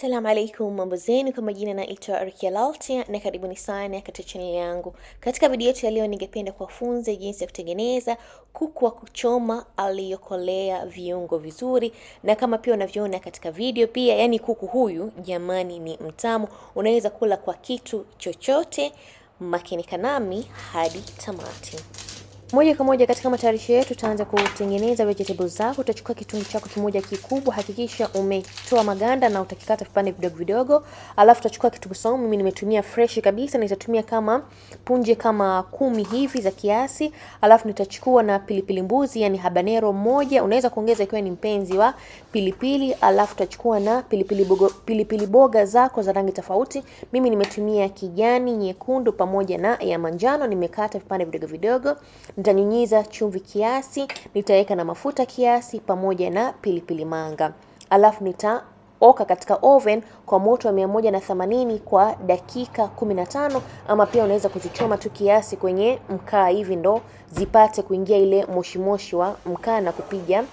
Assalamu alaikum, mambo zenu? Kwa majina naitwa Rukia Laltia na karibuni sana katika chaneli yangu. Katika video yetu ya leo, ningependa kuwafunza jinsi ya kutengeneza kuku wa kuchoma aliyokolea viungo vizuri, na kama pia unavyoona katika video pia, yani kuku huyu jamani, ni mtamu, unaweza kula kwa kitu chochote. Makinika nami hadi tamati. Moja kwa moja katika matayarisho yetu, tutaanza kutengeneza vegetables zako. Utachukua kitunguu chako kimoja kikubwa, hakikisha umetoa maganda na utakikata vipande vidogo vidogo, alafu utachukua kitunguu saumu. Mimi nimetumia fresh kabisa, nitatumia kama punje kama kumi hivi za kiasi, alafu nitachukua na pilipili mbuzi, yani habanero moja, unaweza kuongeza ikiwa ni mpenzi wa pilipili, alafu utachukua na pilipili bogo, pilipili boga zako za rangi tofauti. Mimi nimetumia kijani, nyekundu pamoja na ya manjano, nimekata vipande vidogo vidogo Nitanyunyiza chumvi kiasi, nitaweka na mafuta kiasi pamoja na pilipili manga, alafu nita oka katika oven kwa moto wa 180 kwa dakika 15, ama pia unaweza kuzichoma tu kiasi kwenye mkaa hivi ndo zipate kuingia ile moshimoshi wa mkaa na kupiga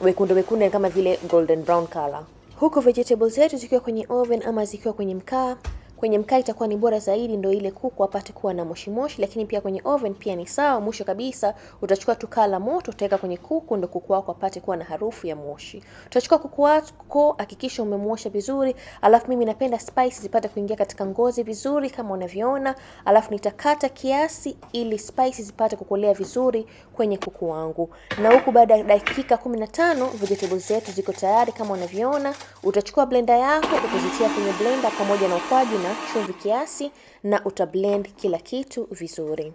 wekundu wekundu kama vile golden brown color. Huku vegetables zetu zikiwa kwenye oven ama zikiwa kwenye mkaa Kwenye mkaa itakuwa ni bora zaidi, ndio ile kuku apate kuwa na moshi moshi, lakini pia kwenye oven pia ni sawa. Mwisho kabisa utachukua tukaa la moto utaweka kwenye kuku, ndio kuku wako apate kuwa na harufu ya moshi. Utachukua kuku wako, hakikisha umemwosha vizuri, alafu mimi napenda spice zipate kuingia katika ngozi vizuri kama unavyoona, alafu nitakata kiasi ili spice zipate kukolea vizuri kwenye kuku wangu. Na huku baada ya dakika 15 vegetables zetu ziko tayari kama unavyoona. Utachukua blender yako kukuzitia kwenye blender pamoja na ukwaju na na chumvi kiasi na utablend kila kitu vizuri.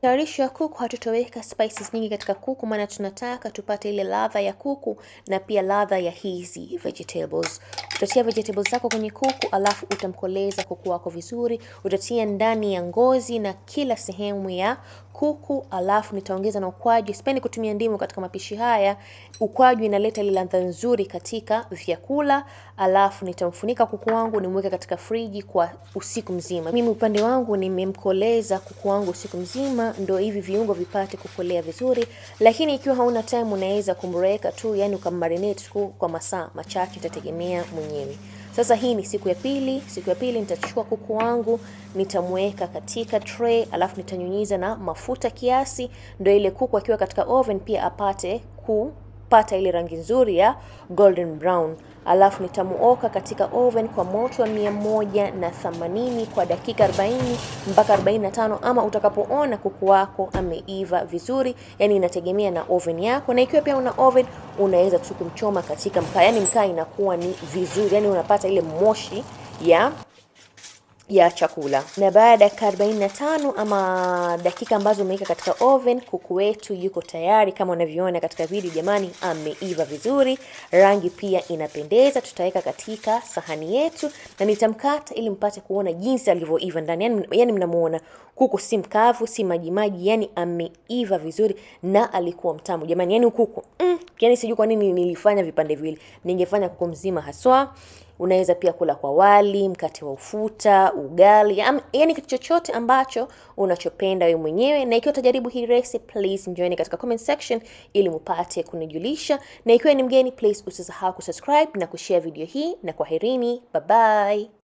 Tayarisho ya kuku hatutaweka spices nyingi katika kuku, maana tunataka tupate ile ladha ya kuku na pia ladha ya hizi vegetables. Utatia vegetables zako kwenye kuku, alafu utamkoleza kuku wako vizuri. Utatia ndani ya ngozi na kila sehemu ya kuku, alafu nitaongeza na ukwaju. Sipendi kutumia ndimu katika mapishi haya. Ukwaju inaleta ile ladha nzuri katika vyakula, alafu nitamfunika kuku wangu, nimweke katika friji kwa usiku mzima. Mimi upande wangu nimemkoleza kuku wangu usiku mzima ndo hivi viungo vipate kukolea vizuri, lakini ikiwa hauna time unaweza kumreka tu, yani ukammarinate tu kwa masaa machache, itategemea mwenyewe. Sasa hii ni siku ya pili. Siku ya pili nitachukua kuku wangu nitamweka katika tray, alafu nitanyunyiza na mafuta kiasi, ndo ile kuku akiwa katika oven pia apate ku kupata ile rangi nzuri ya golden brown, alafu nitamuoka katika oven kwa moto wa 180 kwa dakika 40 mpaka 45, ama utakapoona kuku wako ameiva vizuri. Yani inategemea na oven yako, na ikiwa pia una oven unaweza tu kumchoma katika mkaa, yani mkaa inakuwa ni vizuri, yani unapata ile moshi ya ya chakula na baada ya dakika 45 ama dakika ambazo umeweka katika oven, kuku wetu yuko tayari kama unavyoona katika video. Jamani, ameiva vizuri, rangi pia inapendeza. Tutaweka katika sahani yetu na nitamkata ili mpate kuona jinsi alivyoiva ndani. Yani, yani mnamuona kuku si mkavu, si majimaji, yani ameiva vizuri na alikuwa mtamu jamani, yani kuku mm, yani sijui kwa nini nilifanya vipande vile, ningefanya kuku mzima haswa. Unaweza pia kula kwa wali, mkate wa ufuta, ugali, yaani, yaani kitu chochote ambacho unachopenda wewe mwenyewe. Na ikiwa utajaribu hii recipe, please join katika comment section ili mpate kunijulisha, na ikiwa ni mgeni, please usisahau kusubscribe na kushare video hii, na kwaherini, bye bye.